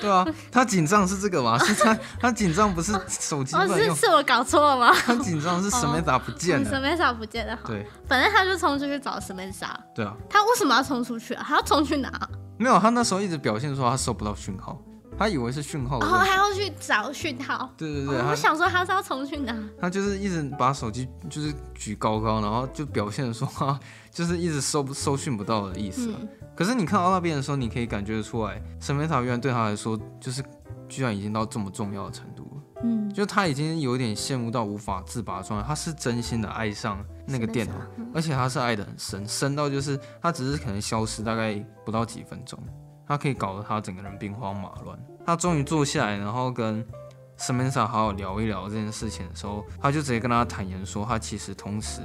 對啊，他緊張是這個吧？是 他他緊張不是手機不、哦、是是我搞錯了嗎？他緊張是史密莎不見了，史密莎不見了。對，反正他就衝出去，去找史密莎。對啊，他為什麼要衝出去啊？他要衝去哪？沒有，他那時候一直表現出他收不到訊號。他以為是訊號，然後還要去找訊號。對對對，oh, 我想說他是要重訊的、啊。他就是一直把手機就是舉高高，然後就表現說就是一直收不收訊不到的意思、嗯。可是你看到那邊的時候，你可以感覺得出來，嗯、Samantha 原對他來說就是居然已經到這麼重要的程度了。嗯，就他已經有點羨慕到無法自拔的狀態。他是真心的愛上那個電腦、啊，而且他是愛得很深，深到就是他只是可能消失大概不到幾分鐘。他可以搞得他整個人兵荒馬亂。他終於坐下來，然後跟 Samantha 好好聊一聊這件事情的時候，他就直接跟他坦言說，他其實同時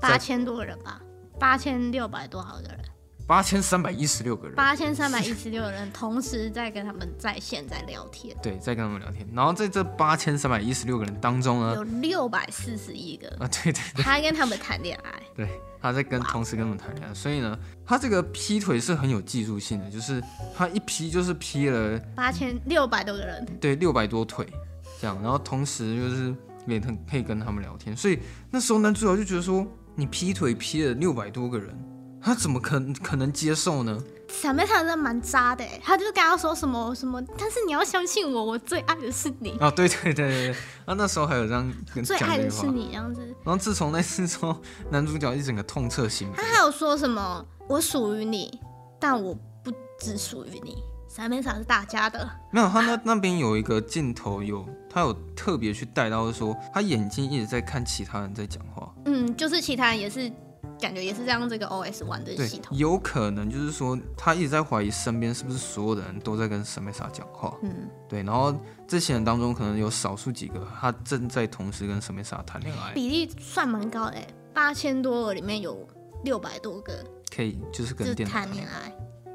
八千多人吧，八千六百多號的人，八千三百一十六個人，八千三百一十六人同時在跟他們在線在聊天， 對，在跟他們聊天。然後在這八千三百一十六個人當中呢，有六百四十一個啊，對對對，他還跟他們談戀愛，對，他在跟同時跟他們談戀愛。 所以呢，他這個劈腿是很有技術性的，就是他一劈就是劈了八千六百多個人，對，六百多腿這樣，然後同時就是也可以跟他們聊天。所以那時候呢，主角就覺得說，你劈腿劈了六百多個人。他怎麼可能可能接受呢？Samantha 真的蠻渣的，他就是跟他說什麼什麼，但是你要相信我，我最愛的是你。啊、哦，對對對對，他那時候還有這樣跟， 最愛的是你這樣子。然後自從那次之後，男主角一整個痛徹心扉。他還有說什麼？我屬於你，但我不只屬於你。Samantha 是大家的。沒有，他那那邊有一個鏡頭有，有他有特別去帶到說，他眼睛一直在看其他人在講話。嗯，就是其他人也是。感覺也是在用這個 O S 玩的系統，有可能就是說他一直在懷疑身邊是不是所有的人都在跟 Samantha 講話，嗯，對，然後這些人當中可能有少數幾個，他正在同時跟 Samantha 談戀愛，比例算蠻高哎、欸，八千多個裡面有六百多個可以就是跟電腦談戀愛，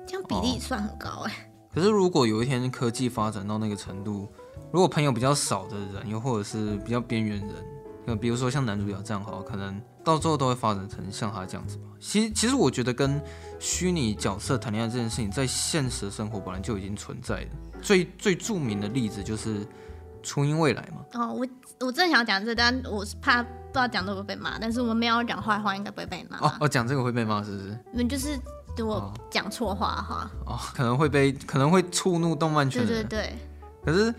這樣比例算很高哎、欸。哦、 可是如果有一天科技發展到那個程度，如果朋友比較少的人，又或者是比較邊緣人。那比如說像男主角這樣哈，可能到最後都會發展成像他這樣子吧。其實其實我覺得跟虛擬角色談戀愛這件事情，在現實生活本來就已經存在了。最最著名的例子就是《初音未來》嘛。哦，我我真的想講這個，但我是怕不知道講這個會被罵。但是我們沒有講壞話，應該不會被罵。哦，哦、講這個會被罵是不是？嗯，就是我講錯話哈、哦。哦，可能會被可能會觸怒動漫圈。對對對。可是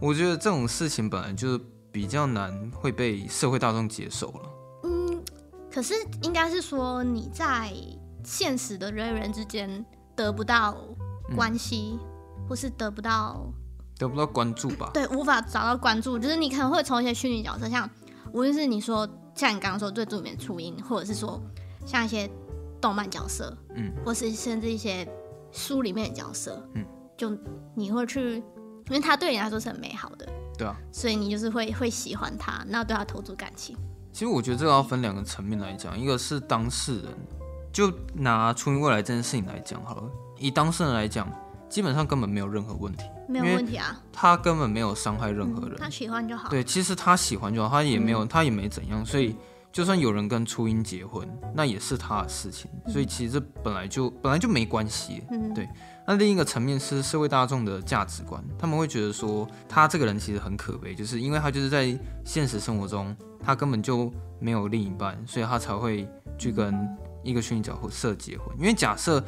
我覺得這種事情本來就是。比較難會被社會大眾接受了。嗯，可是應該是說你在現實的人與人之間得不到關係，嗯，或是得不到得不到關注吧？對，無法找到關注，就是你可能會從一些虛擬角色，像無論是你說像你剛剛說最著名的初音，或者是說像一些動漫角色，嗯，或是甚至一些書裡面的角色，嗯，就你會去，因為他對你來說是很美好的。對啊，所以你就是會會喜歡他，那對他投注感情。其實我覺得這個要分兩個層面來講，一個是當事人，就拿初音未來這件事情來講好了。以當事人來講，基本上根本沒有任何問題，沒有問題啊，他根本沒有傷害任何人，嗯，他喜歡就好。對，其實他喜歡就好，他也沒有，嗯，他也沒怎樣，所以就算有人跟初音結婚，那也是他的事情，所以其實本來就，嗯、本來就沒關係，嗯，對。那另一個層面是社會大眾的價值觀，他們會覺得說他這個人其實很可悲，就是因為他就是在現實生活中他根本就沒有另一半，所以他才會去跟一個虛擬角色結婚。因為假設。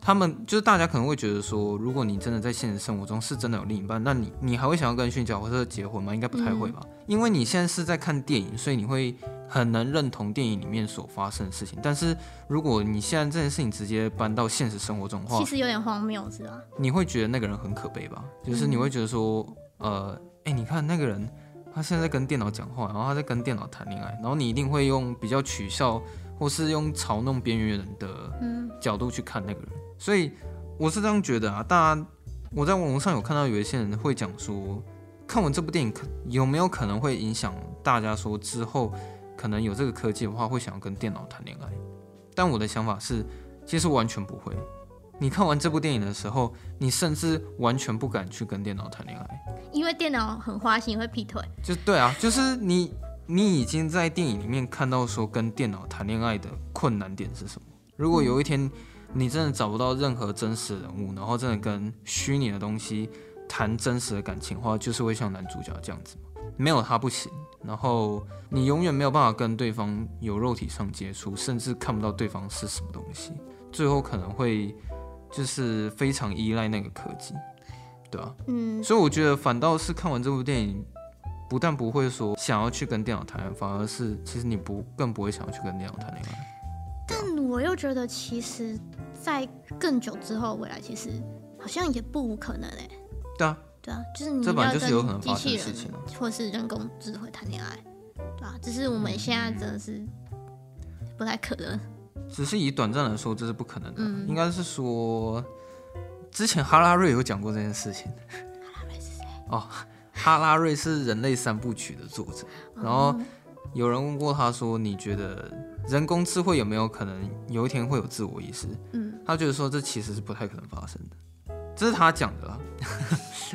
他們就是大家可能會覺得說，如果你真的在現實生活中是真的有另一半，那你你還會想要跟虛擬角色結婚嗎？應該不太會吧。嗯，因為你現在是在看電影，所以你會很能認同電影裡面所發生的事情。但是如果你現在這件事情直接搬到現實生活中的話，其實有點荒謬，是吧？你會覺得那個人很可悲吧？就是你會覺得說，嗯、呃，哎、欸，你看那個人，他現在在跟電腦講話，然後他在跟電腦談戀愛，然後你一定會用比較取笑或是用嘲弄邊緣人的角度去看那個人。嗯所以我是這樣覺得啊，大家，我在網絡上有看到有一些人會講說，看完這部電影可有沒有可能會影響大家說之後可能有這個科技的話，會想要跟電腦談戀愛？但我的想法是，其實完全不會。你看完這部電影的時候，你甚至完全不敢去跟電腦談戀愛，因為電腦很花心，會劈腿。就對啊，就是你，你已經在電影裡面看到說跟電腦談戀愛的困難點是什麼？如果有一天。嗯你真的找不到任何真實的人物，然後真的跟虛擬的東西談真實的感情的話，就是會像男主角這樣子，沒有他不行。然後你永遠沒有辦法跟對方有肉體上接觸，甚至看不到對方是什麼東西，最後可能會就是非常依賴那個科技，對吧？嗯。所以我覺得反倒是看完這部電影，不但不會說想要去跟電腦談，反而是其實你不更不會想要去跟電腦談戀愛。但我又覺得其實。在更久之後，未來其實好像也不無可能哎。對啊，對啊，就是你這本就是有可能發生的事情，或是人工智慧談戀愛，對啊，只是我們現在真的是不太可能。只是以短暫來說，這是不可能的。嗯、應該是說，之前哈拉瑞有講過這件事情。哈拉瑞是誰？哦，哈拉瑞是《人類三部曲》的作者。然後有人問過他說：“你覺得人工智慧有沒有可能有一天會有自我意識？”嗯。他就是說，這其實是不太可能發生的，這是他講的啦。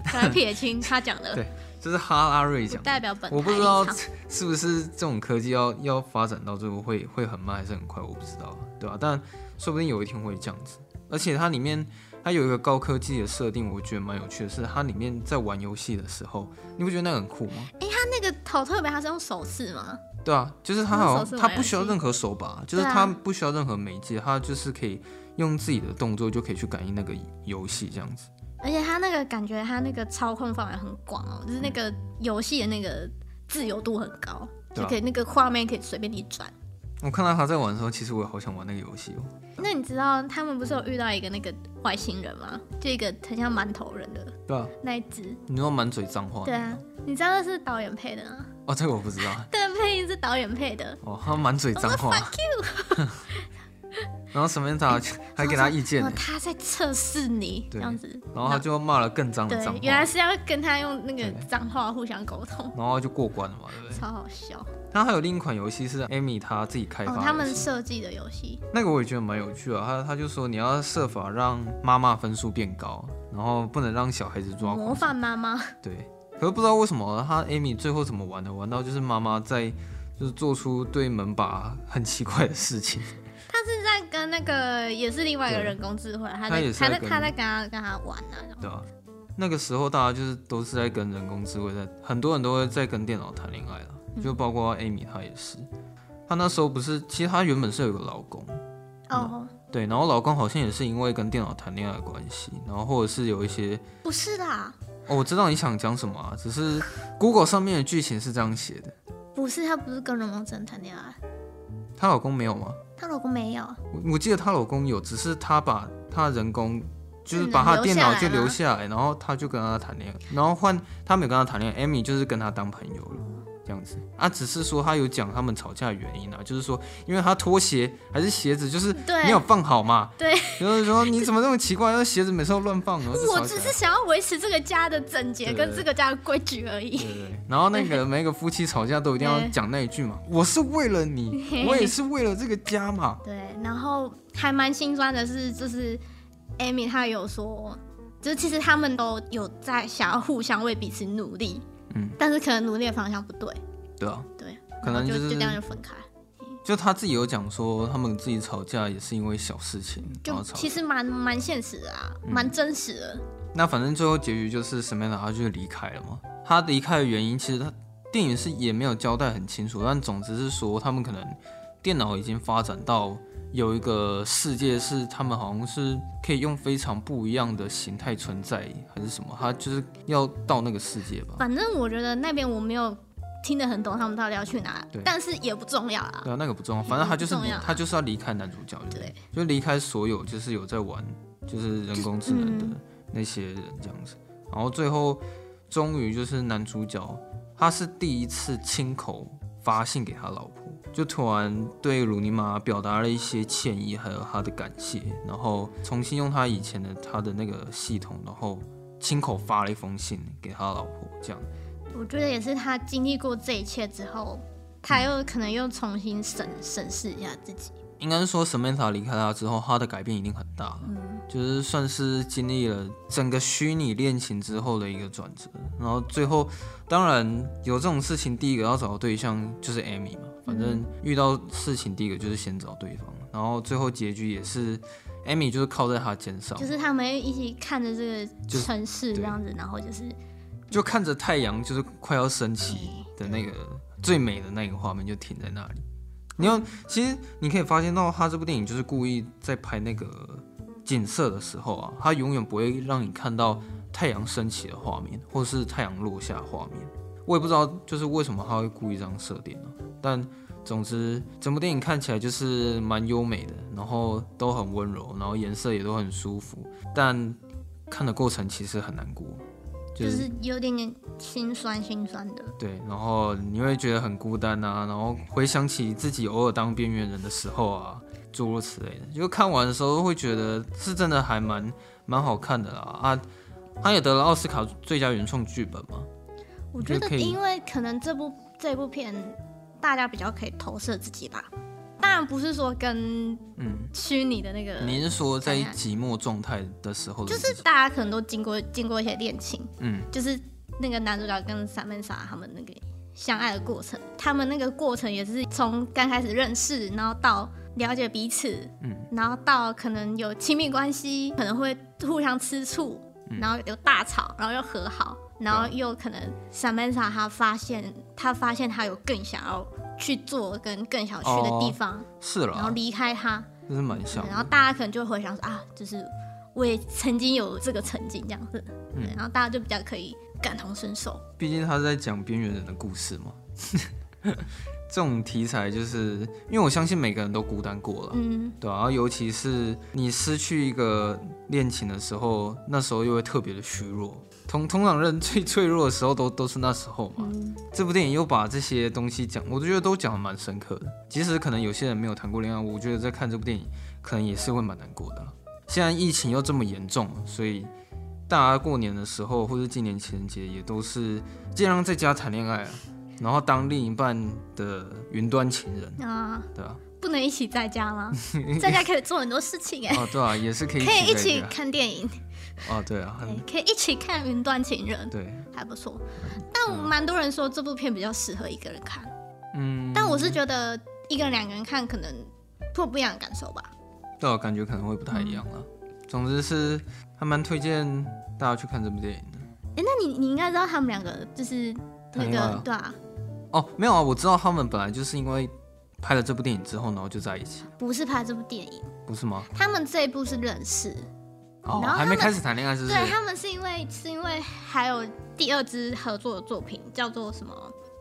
他撇清他講的， 對，這、就是哈拉瑞講。不代表本台，我不知道是不是這種科技要要發展到最後會會很慢還是很快，我不知道，對啊。但說不定有一天會這樣子。而且它裡面它有一個高科技的設定，我覺得蠻有趣的是，它裡面在玩遊戲的時候，你不覺得那個很酷嗎？哎，它那個好特別，它是用手勢嗎？對啊，就是它好像它不需要任何手把，就是它不需要任何媒介，它就是可以。用自己的動作就可以去感應那個遊戲，這樣子。而且他那個感覺，他那個操控範圍很廣哦，就是那個遊戲的那個自由度很高，嗯、就可以那個畫面可以隨便你轉。我看到他在玩的時候，其實我也好想玩那個遊戲哦。那你知道他們不是有遇到一個那個外星人嗎？就一個很像饅頭人的，對啊，那一隻。你說滿嘴髒話。對啊，你知道那是導演配的嗎？哦，這個我不知道。 對，這個配音是導演配的。哦。他滿嘴髒話。Fuck you！然後 Samantha 還給他意見、哦哦，他在測試你這樣子。然後他就罵了更髒的髒話。對，原來是要跟他用那個髒話互相溝通，然後就過關了嘛，對不對？超好笑。然後還有另一款遊戲是艾米他自己開發的、哦，他們設計的遊戲。那個我也覺得蠻有趣啊，他他就說你要設法讓媽媽分數變高，然後不能讓小孩子抓。模範媽媽。對。可是不知道為什麼他艾米最後怎麼玩的，玩到就是媽媽在就是做出對門把很奇怪的事情。 他是在跟那個也是另外一個人工智慧，他在他也是在他在跟他，他在跟他玩呢、啊。對啊，那個時候大家就是都是在跟人工智慧在，很多人都會在跟電腦談戀愛了、嗯，就包括艾米她也是。她那時候不是，其實她原本是有一個老公。哦。對，然後老公好像也是因為跟電腦談戀愛的關係，然後或者是有一些。不是啦。哦，我知道你想講什麼啊，只是 Google 上面的劇情是這樣寫的。不是，他不是跟人工智能談戀愛。她老公沒有嗎？她老公沒有。我我記得她老公有，只是她把她人工，就是把她電腦就留下來，嗯、下來然後她就跟他談戀愛，然後換，他沒有跟她談戀愛，Amy 就是跟他當朋友了。這樣子啊，只是說他有講他們吵架的原因，啊、就是說因為他拖鞋還是鞋子，就是沒有放好嘛。對，就是說你怎麼那麼奇怪，啊，那鞋子每次都亂放。 我只是想要維持這個家的整潔跟這個家的規矩而已對。對對，然後那個每個夫妻吵架都一定要講那一句嘛，我是為了你，我也是為了這個家嘛。 對。然後還蠻心酸的是，就是 Amy 她有說，就是其實他們都有在想要互相為彼此努力。嗯，但是可能努力的方向不對。對啊，對，可能就是就就這樣就分開。就他自己有講說，他們自己吵架也是因為小事情，嗯、吵就其實蠻蠻現實的啊，蠻、嗯、真實的。那反正最後結局就是什麼樣的，他就離開了嘛。他離開的原因，其實他電影是也沒有交代很清楚，但總之是說他們可能電腦已經發展到。有一個世界是他們好像是可以用非常不一樣的形態存在，還是什麼？他就是要到那個世界吧。反正我覺得那邊我沒有聽得很懂他們到底要去哪兒？對，但是也不重要啊。對啊，那個不重要，反正他就是、啊、他就是要離開男主角、就是，對，就離開所有就是有在玩就是人工智能的那些人，嗯、這樣子。然後最後終於就是男主角他是第一次親口。發信給他老婆，就突然對魯尼瑪表達了一些歉意，還有他的感謝，然後重新用他以前的他的那個系統，然後親口發了一封信給他老婆，這樣。我覺得也是他經歷過這一切之後，他又可能又重新審審視一下自己。應該是說，Samantha 離開他之後，他的改變已經很大了。嗯就是算是經歷了整個虛擬戀情之後的一個轉折，然後最後當然有這種事情，第一個要找的對象就是艾米嘛。反正遇到事情第一個就是先找對方，然後最後結局也是艾米就是靠在他肩上，就是他們一起看着這個城市這樣子，然後就是就看着太陽就是快要升起的那個最美的那個畫面就停在那裡。你要其實你可以發現到他這部電影就是故意在拍那個。景色的時候啊，它永遠不會讓你看到太陽升起的畫面，或是太陽落下的畫面。我也不知道，就是為什麼它會故意這樣設定呢？但總之，整部電影看起來就是蠻優美的，然後都很溫柔，然後顏色也都很舒服。但看的過程其實很難過，就是有點點心酸心酸的。對，然後你會覺得很孤單啊，然後回想起自己偶爾當邊緣人的時候啊。諸如此類的，就看完的時候會覺得是真的還，還蠻蠻好看的啦啊！他也得了奧斯卡最佳原創劇本嗎？我覺得，因為可能這部這部片大家比較可以投射自己吧。當然不是說跟虛擬、嗯、的那個。您說在寂寞狀態的時候的，就是大家可能都經過經過一些戀情，嗯，就是那個男主角跟莎曼珊他們那個相愛的過程，他們那個過程也是從剛開始認識，然後到。了解彼此，嗯，然後到可能有親密關係，可能會互相吃醋，嗯、然後有大吵，然後又和好，嗯、然後又可能 Samantha 她發現，她發現她有更想要去做跟更想去的地方，哦、是了，然後離開他，這是蠻像，然後大家可能就會回想說啊，就是我也曾經有這個曾經這樣子，嗯，然後大家就比較可以感同身受，畢竟他是在講邊緣人的故事嘛。 這種題材就是因為我相信每個人都孤單過了，嗯，對啊，然後尤其是你失去一個戀情的時候，那時候又會特別的虛弱，通通常人最脆弱的時候都都是那時候嘛。這部電影又把這些東西講，我都覺得都講得蠻深刻的。即使可能有些人沒有談過戀愛，我覺得在看這部電影可能也是會蠻難過的。現在疫情又這麼嚴重，所以大家過年的時候或者今年情人節也都是儘量在家談戀愛啊。然後當另一半的雲端情人啊，對啊，不能一起在家嗎？ 在家可以做很多事情哎。哦，對啊，也是可以。可以一起看電影。哦，對啊，對，可以一起看《雲端情人》。對，還不錯。但我蠻多人說這部片比較適合一個人看。嗯。但我是覺得一個人、兩個人看可能會不一樣的感受吧。對、啊，感覺可能會不太一樣了、嗯。總之是還蠻推薦大家去看這部電影的。哎，那你你應該知道他們兩個就是那個對啊。哦，沒有啊，我知道他們本來就是因為拍了這部電影之後呢，然後就在一起。不是拍這部電影，不是嗎？他們這一部是認識，哦、然後還沒開始談戀愛，是不是？對，他們是因為是因為還有第二支合作的作品，叫做什麼？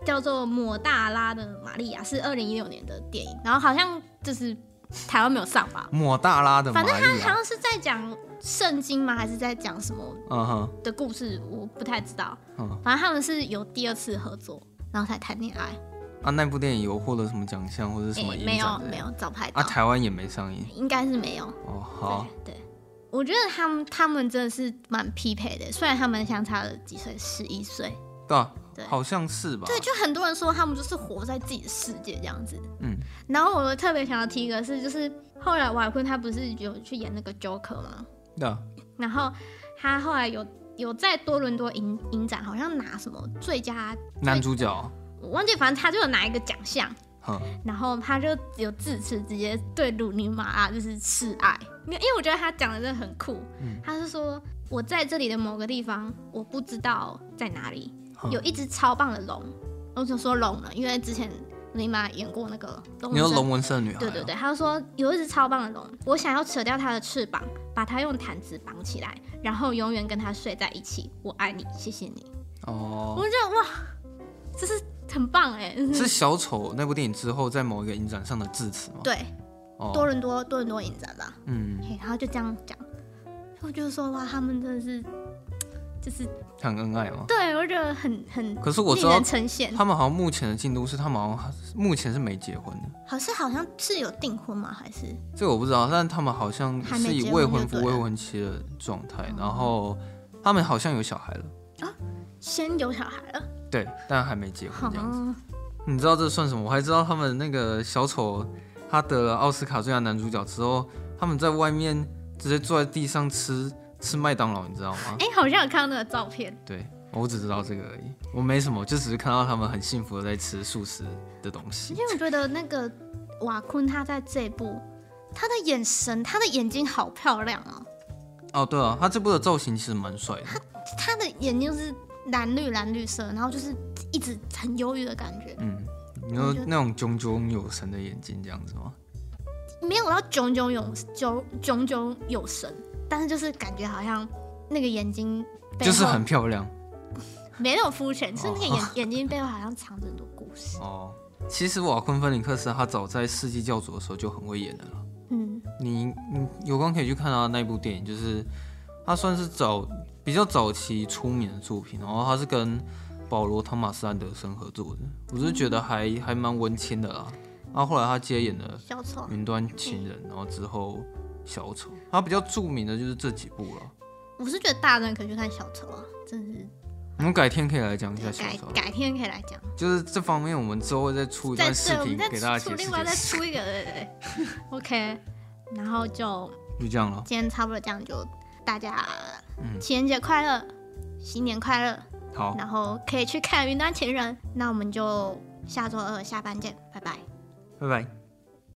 叫做《抹大拉的瑪利亞》，是二零一六年的電影，然後好像就是台灣沒有上吧。《抹大拉的》反正他好像是在講聖經嗎？還是在講什麼的故事？Uh-huh. 我不太知道。Uh-huh. 反正他們是有第二次合作，然後才談戀愛。啊，那部電影有獲得什麼獎項或者什麼、欸？沒有，沒有，早拍。啊，台灣也沒上映。應該是沒有。哦，好。對，對我覺得他們他們真的是蠻匹配的，雖然他們相差了幾歲，十一歲。對、啊、對好像是吧。對，就很多人說他們就是活在自己的世界這樣子。嗯。然後我特別想要提一個是，就是後來瓦昆他不是有去演那個 Joker 嗎？對啊。然後他後來有。有在多倫多影影展，好像拿什麼最佳最男主角，哦，我忘記，反正他就有拿一個獎項。然後他就有致辭，直接對魯尼瑪、啊、就是示愛，因為因為我覺得他講的真的很酷。嗯、他是說我在這裡的某個地方，我不知道在哪裡，有一隻超棒的龍。我就說龍了，因為之前尼瑪演過那個《龍紋身的女孩》啊。對對對，他就說有一隻超棒的龍，我想要扯掉它的翅膀。把他用毯子綁起來，然後永遠跟他睡在一起。我愛你，謝謝你。哦，我覺得哇，這是很棒耶。是小丑那部電影之後，在某一個影展上的致辭嗎？對，哦，多倫多，多倫多影展吧。嗯，然後就這樣講，我就說哇，他們真的是。就是很恩愛嗎？對，我覺得很很。可是我知道他們好像目前的進度是，他們好像目前是沒結婚的，好像好像是有訂婚嗎？還是這個我不知道，但他們好像是以未婚夫未婚妻的狀態，然後他們好像有小孩了啊，先有小孩了，對，但還沒結婚這樣子，啊。你知道這算什麼？我還知道他們那個小丑他得了奧斯卡最佳男主角之後，他們在外面直接坐在地上吃。吃麥當勞，你知道嗎？哎、欸，好像有看到那個照片。對，我只知道這個而已。我沒什麼，就只是看到他們很幸福的在吃素食的東西。因為我覺得那個瓦昆，他在這一部，他的眼神，他的眼睛好漂亮啊。哦，對啊，他這部的造型其實蠻帥的。他他的眼睛是藍綠藍綠色，然後就是一直很憂鬱的感覺。嗯，你說那種炯炯有神的眼睛這樣子嗎？沒有，然後炯炯有，炯炯炯有神。但是就是感覺好像那個眼睛背，就是很漂亮，沒有膚淺， 只是那個眼 眼睛背後好像藏着很多故事哦。其實瓦昆·芬林克斯他早在《世紀教主》的時候就很會演了。嗯，你你有空可以去看他的那部電影，就是他算是早比較早期出名的作品。然後他是跟保羅·湯馬斯·安德森合作的，我是覺得還、嗯、還蠻文青的啦。然後後來他接演了《雲端情人》，嗯、然後之後。小丑，他、啊、比較著名的就是這幾部了。我是覺得大人可以去看小丑啊，真的是。我們改天可以來講一下小丑，小丑改。改天可以來講。就是這方面，我們之後會再出一段視頻給大家解釋解釋。再出另外再出一個對對，對,對 ，OK，然後就就這樣了。今天差不多這樣就，大家情、嗯、情人節快樂，新年快樂。好。然後可以去看《雲端情人》，那我們就下週二下班見，拜拜。拜拜。